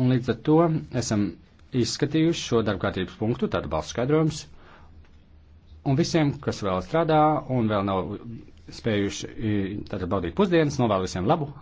Un līdz ar to esam izskatījuši šo darbkārtības punktu, tādu balstu skaidrojumus. Un visiem, kas vēl strādā un vēl nav spējuši tātad baudīt pusdienas, novēlu visiem labu